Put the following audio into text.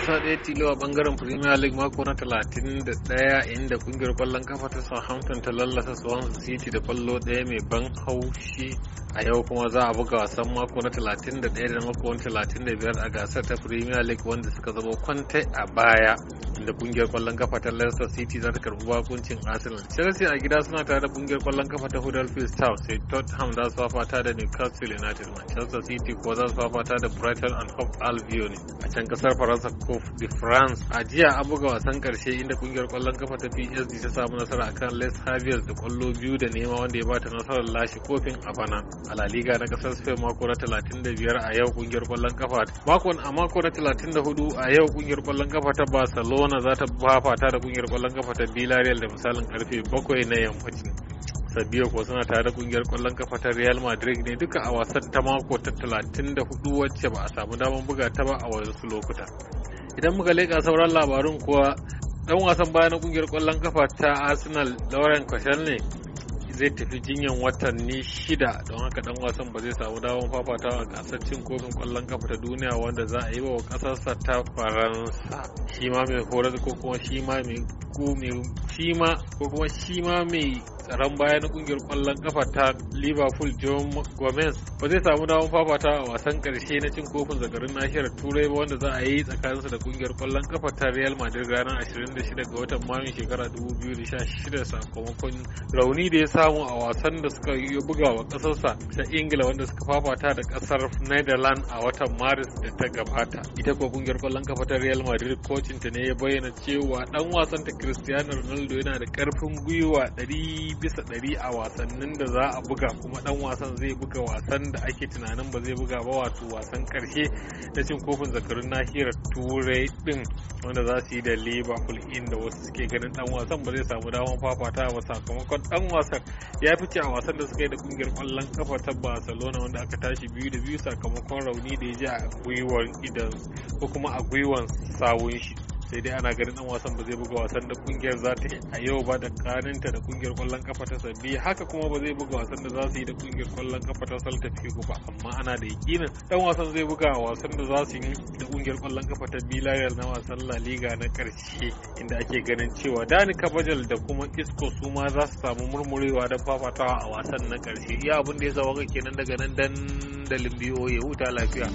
wasa ɗaya tilo a bangaren premier league mako na 31 inda kungiyar kwallon kafa ta southampton ta lallasa swansea city da kwallo ɗaya mai ban haushi a yau kuma za a buga wasan mako na 31 da mako na 35 a gasar ta premier league wanda suka zama kwantai a baya inda kungiyar kwallon kafa ta Leicester City za ta karbi bakuncin Arsenal. Chelsea a gida suna tare da kungiyar kwallon kafa ta Huddersfield Town sai Tottenham za su fafata da Newcastle United. Manchester City kuwa za su fafata da Brighton and Hove Albion. A can kasar Faransa cup de france a jiya an buga wasan karshe inda kungiyar kwallon kafa ta psd ta samu nasara akan les havres da kwallo biyu da nema wanda ya bata nasarar lashe kofin a bana a la liga na kasar spain mako na 35 a yau kungiyar kwallon kafa makon a mako na 34 a yau kungiyar kwallon kafa ta barcelona za ta fafata da kungiyar kwallon kafa ta villarreal da misalin karfe 7 na yammaci sabiya ko suna tare da kungiyar kwallon kafa ta real madrid ne duka a wasan ta mako ta 34 wacce ba a samu damar buga ta ba a wasu lokuta idan muka leƙa sauran labarun kuwa ɗan wasan baya ƙungiyar ƙwallon kwallon kafa ta arsenal lauren kwashen ne zai tafi jinyan watanni shida don haka ɗan wasan ba zai samu damar fafatawa a gasar cin kofin kwallon kafa ta duniya wanda za a yi wa ƙasarsa ta faransa shi ma mai horar ko kuma shi ma mai tsaron baya na kungiyar kwallon kafa ta liverpool john gomez ba zai samu damar fafata a wasan karshe na cin kofin zagarin nahiyar turai ba wanda za a yi tsakaninsa da kungiyar kwallon kafa ta real madrid ranar 26 ga watan mayun shekara 2016 sakamakon rauni da ya samu a wasan da suka yi buga wa kasarsa ta ingila wanda suka fafata da kasar netherlands a watan maris da ta gabata ita kuwa kungiyar kwallon kafa ta real madrid kocinta ne ya bayyana cewa dan wasanta cristiano ronaldo yana da karfin gwiwa bisa ɗari a wasannin da za a buga kuma ɗan wasan zai buga wasan da ake tunanin ba zai buga ba wato wasan ƙarshe na cin kofin zakarun nahiyar turai ɗin wanda za su yi da liverpool inda wasu suke ganin ɗan wasan ba zai samu damar fafata ba sakamakon ɗan wasan ya fice a wasan da suka yi da ƙungiyar ƙwallon kafa ta barcelona wanda aka tashi biyu da biyu sakamakon rauni da ya ji a gwiwar idan ko kuma a gwiwar sawun shi sai dai ana ganin dan wasan ba zai buga wasan da kungiyar za ta yi a yau ba da kaninta da kungiyar kwallon kafa ta sabbi haka kuma ba zai buga wasan da za su yi da kungiyar kwallon kafa ta salta figo ba amma ana da yakinin dan wasan zai buga wasan da za su yi da kungiyar kwallon kafa ta bilayar na wasan la liga na karshe inda ake ganin cewa dani kabajal da kuma isko su ma za su samu murmurewa da fafatawa a wasan na karshe iya abin da ya waka kenan daga nan dan biyo ya huta lafiya